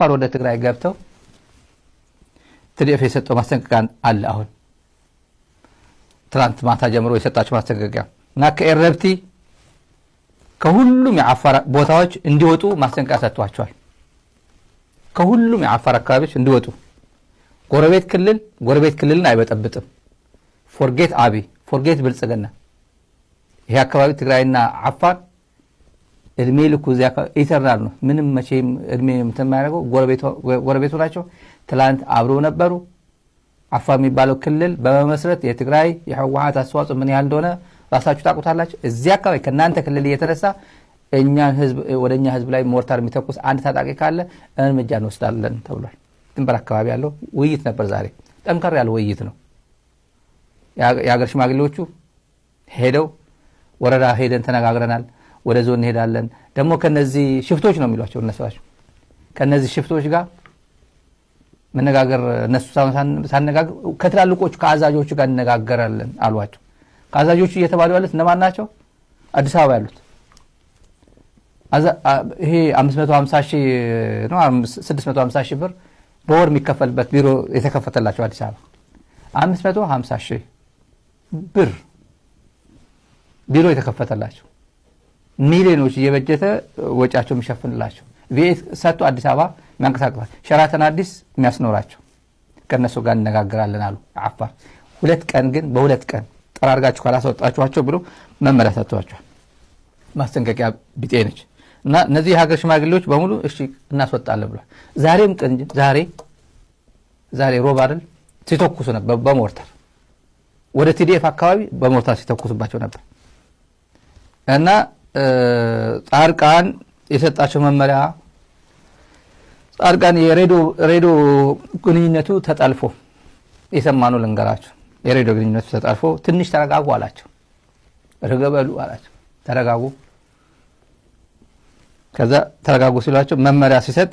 ፋር ወደ ትግራይ ገብተው ትዲፍ የሰጠው ማስጠንቀቂያ አለ። አሁን ትናንት ማታ ጀምሮ የሰጣቸው ማስጠንቀቂያ እና ከኤረብቲ ከሁሉም የአፋር ቦታዎች እንዲወጡ ማስጠንቀቂያ ሰጥቷቸዋል። ከሁሉም የአፋር አካባቢዎች እንዲወጡ ጎረቤት ክልል ጎረቤት ክልልን አይበጠብጥም። ፎርጌት አቢ ፎርጌት ብልጽግና ይሄ አካባቢ ትግራይና አፋር እድሜ ልኩ እዚያ ኢተርናል ነው። ምንም መቼም እድሜ የማያደርገው ጎረቤቱ ናቸው። ትላንት አብረው ነበሩ። አፋ የሚባለው ክልል በመመስረት የትግራይ የህወሀት አስተዋጽኦ ምን ያህል እንደሆነ ራሳችሁ ታውቁታላችሁ። እዚያ አካባቢ ከእናንተ ክልል እየተነሳ እኛን ህዝብ ወደ እኛ ህዝብ ላይ ሞርታር የሚተኩስ አንድ ታጣቂ ካለ እርምጃ እንወስዳለን ተብሏል። ድንበር አካባቢ ያለው ውይይት ነበር። ዛሬ ጠንከር ያለ ውይይት ነው። የሀገር ሽማግሌዎቹ ሄደው ወረዳ ሄደን ተነጋግረናል ወደ ዞን እንሄዳለን። ደግሞ ከነዚህ ሽፍቶች ነው የሚሏቸው እነሰባቸው ከነዚህ ሽፍቶች ጋር መነጋገር እነሱ ሳነጋግር ከትላልቆቹ ከአዛዦቹ ጋር እነጋገራለን አሏቸው። ከአዛዦቹ እየተባሉ ያሉት እነማን ናቸው? አዲስ አበባ ያሉት ይሄ 550 ሺህ ነው 650 ሺህ ብር በወር የሚከፈልበት ቢሮ የተከፈተላቸው አዲስ አበባ 550 ሺህ ብር ቢሮ የተከፈተላቸው ሚሊዮኖች እየበጀተ ወጪያቸው የሚሸፍንላቸው ቪኤት ሰጥቶ አዲስ አበባ የሚያንቀሳቅሳል ሸራተን አዲስ የሚያስኖራቸው ከእነሱ ጋር እነጋግራለን አሉ አፋር። ሁለት ቀን ግን በሁለት ቀን ጠራርጋችሁ ካላስወጣችኋቸው ብሎ መመሪያ ሰጥቷቸዋል። ማስጠንቀቂያ ቢጤ ነች እና እነዚህ የሀገር ሽማግሌዎች በሙሉ እሺ እናስወጣለን ብሏል። ዛሬም ቀን ዛሬ ዛሬ ሮብ አይደል ሲተኩሱ ነበር በሞርተር ወደ ቲዲኤፍ አካባቢ በሞርታር ሲተኩሱባቸው ነበር እና ጻድቃን የሰጣቸው መመሪያ ጻድቃን የሬዲዮ ግንኙነቱ ተጠልፎ የሰማኑ ልንገራቸው። የሬዲዮ ግንኙነቱ ተጠልፎ ትንሽ ተረጋጉ አላቸው። ረጋ አላቸው። ተረጋጉ። ከዛ ተረጋጉ ሲሏቸው መመሪያ ሲሰጥ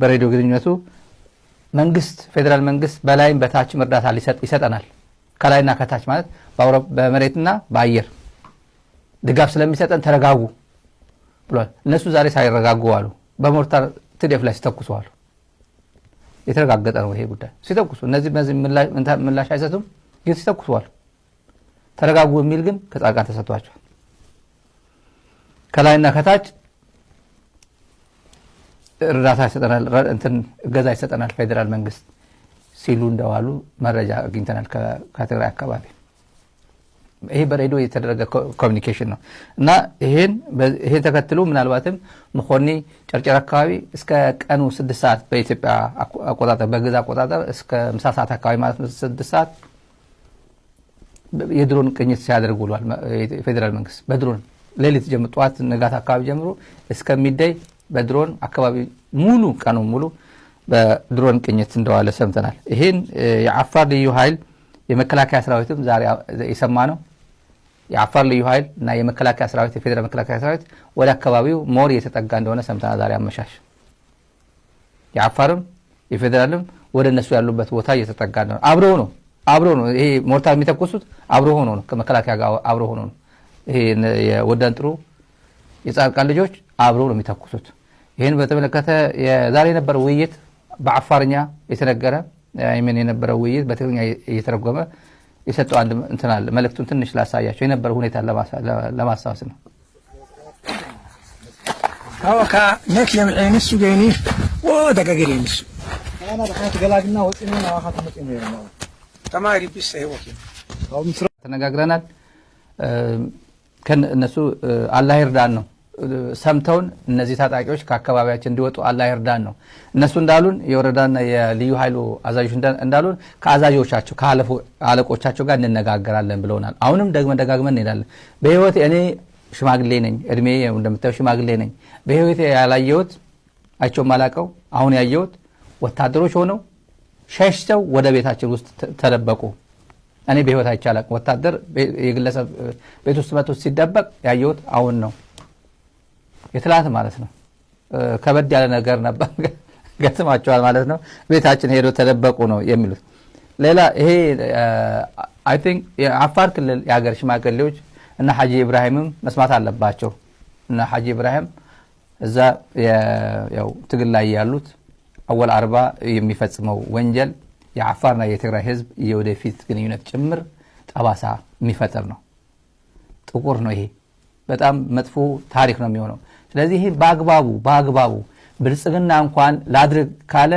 በሬዲዮ ግንኙነቱ መንግስት፣ ፌዴራል መንግስት በላይም በታችም እርዳታ ይሰጠናል። ከላይና ከታች ማለት በመሬትና በአየር ድጋፍ ስለሚሰጠን ተረጋጉ ብሏል። እነሱ ዛሬ ሳይረጋጉ አሉ። በሞርታር ትዴፍ ላይ ሲተኩሱ አሉ። የተረጋገጠ ነው ይሄ ጉዳይ። ሲተኩሱ እነዚህ በዚህ ምላሽ አይሰጡም፣ ግን ሲተኩሱ አሉ። ተረጋጉ የሚል ግን ከጻድቃን ተሰጥቷቸዋል። ከላይና ከታች እርዳታ ይሰጠናል፣ እገዛ ይሰጠናል ፌዴራል መንግስት ሲሉ እንደዋሉ መረጃ አግኝተናል ከትግራይ አካባቢ ይሄ በሬዲዮ የተደረገ ኮሚኒኬሽን ነው እና ይሄን ተከትሎ ምናልባትም መኮኒ ጨርጨር አካባቢ እስከ ቀኑ ስድስት ሰዓት በኢትዮጵያ አቆጣጠር በግዛ አቆጣጠር እስከ ምሳ ሰዓት አካባቢ ማለት ነው ስድስት ሰዓት የድሮን ቅኝት ሲያደርግ ውሏል። ፌዴራል መንግስት በድሮን ሌሊት ጀምሮ ጠዋት ንጋት አካባቢ ጀምሮ እስከሚደይ በድሮን አካባቢ ሙሉ ቀኑ ሙሉ በድሮን ቅኝት እንደዋለ ሰምተናል። ይህን የአፋር ልዩ ኃይል የመከላከያ ሰራዊትም ዛሬ የሰማ ነው። የአፋር ልዩ ኃይል እና የመከላከያ ሰራዊት የፌዴራል መከላከያ ሰራዊት ወደ አካባቢው ሞር እየተጠጋ እንደሆነ ሰምተናል። ዛሬ አመሻሽ የአፋርም የፌዴራልም ወደ እነሱ ያሉበት ቦታ እየተጠጋ እንደሆነ አብሮ ነው አብሮ ነው ይሄ ሞርታር የሚተኮሱት አብሮ ሆኖ ነው ከመከላከያ ጋር አብሮ ሆኖ ነው። ይሄ የወደን ጥሩ የጻድቃን ልጆች አብሮ ነው የሚተኩሱት። ይህን በተመለከተ ዛሬ የነበረ ውይይት በአፋርኛ የተነገረ ምን የነበረ ውይይት በትግርኛ እየተረጎመ የሰጠው አንድ እንትን አለ። መልእክቱን ትንሽ ላሳያቸው የነበረ ሁኔታ ለማስታወስ ነው። ካወካ ነክ የምዕንሱ ገይኒ ወ የምሱ ተነጋግረናል። እነሱ አላህ ይርዳን ነው ሰምተውን እነዚህ ታጣቂዎች ከአካባቢያችን እንዲወጡ አላ ይርዳን ነው። እነሱ እንዳሉን የወረዳና የልዩ ኃይሉ አዛዦች እንዳሉን ከአዛዦቻቸው ከአለቆቻቸው ጋር እንነጋገራለን ብለውናል። አሁንም ደግመን ደጋግመን እንሄዳለን። በህይወት እኔ ሽማግሌ ነኝ፣ እድሜ እንደምታየው ሽማግሌ ነኝ። በህይወት ያላየሁት አይቼውም አላቀው። አሁን ያየሁት ወታደሮች ሆነው ሸሽተው ወደ ቤታችን ውስጥ ተደበቁ። እኔ በህይወት አይቻላቅ ወታደር የግለሰብ ቤት ውስጥ መቶ ሲደበቅ ያየሁት አሁን ነው። የትላት ማለት ነው። ከበድ ያለ ነገር ነበር ገጥማቸዋል ማለት ነው። ቤታችን ሄዶ ተደበቁ ነው የሚሉት። ሌላ ይሄ አይ የአፋር ክልል የሀገር ሽማገሌዎች እና ሐጂ ኢብራሂምም መስማት አለባቸው። እና ሐጂ ኢብራሂም እዛ ያው ትግል ላይ ያሉት አወል አርባ የሚፈጽመው ወንጀል የአፋርና የትግራይ ህዝብ የወደፊት ግንኙነት ጭምር ጠባሳ የሚፈጥር ነው። ጥቁር ነው ይሄ በጣም መጥፎ ታሪክ ነው የሚሆነው። ስለዚህ ይህ በአግባቡ በአግባቡ ብልጽግና እንኳን ላድርግ ካለ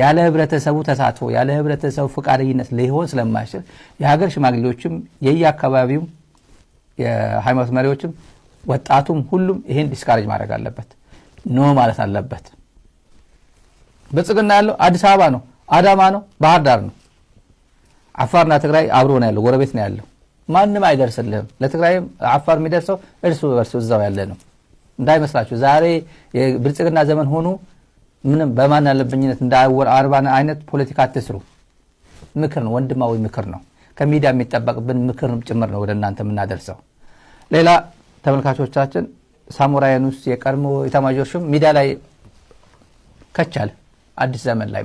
ያለ ህብረተሰቡ ተሳትፎ ያለ ህብረተሰቡ ፈቃደኝነት ሊሆን ስለማይችል የሀገር ሽማግሌዎችም የየአካባቢው የሃይማኖት መሪዎችም ወጣቱም ሁሉም ይህን ዲስካሬጅ ማድረግ አለበት። ኖ ማለት አለበት። ብልጽግና ያለው አዲስ አበባ ነው፣ አዳማ ነው፣ ባህር ዳር ነው። አፋርና ትግራይ አብሮ ነው ያለው፣ ጎረቤት ነው ያለው። ማንም አይደርስልህም። ለትግራይም አፋር የሚደርሰው እርስ በርስ እዛው ያለ ነው እንዳይመስላችሁ። ዛሬ የብልጽግና ዘመን ሆኑ ምንም በማን ያለብኝነት እንዳወር አርባ አይነት ፖለቲካ አትስሩ። ምክር ነው፣ ወንድማዊ ምክር ነው። ከሚዲያ የሚጠበቅብን ምክር ጭምር ነው ወደ እናንተ የምናደርሰው። ሌላ ተመልካቾቻችን ሳሙራይን ውስጥ የቀድሞ ኢታማዦር ሹም ሚዲያ ላይ ከቻል አዲስ ዘመን ላይ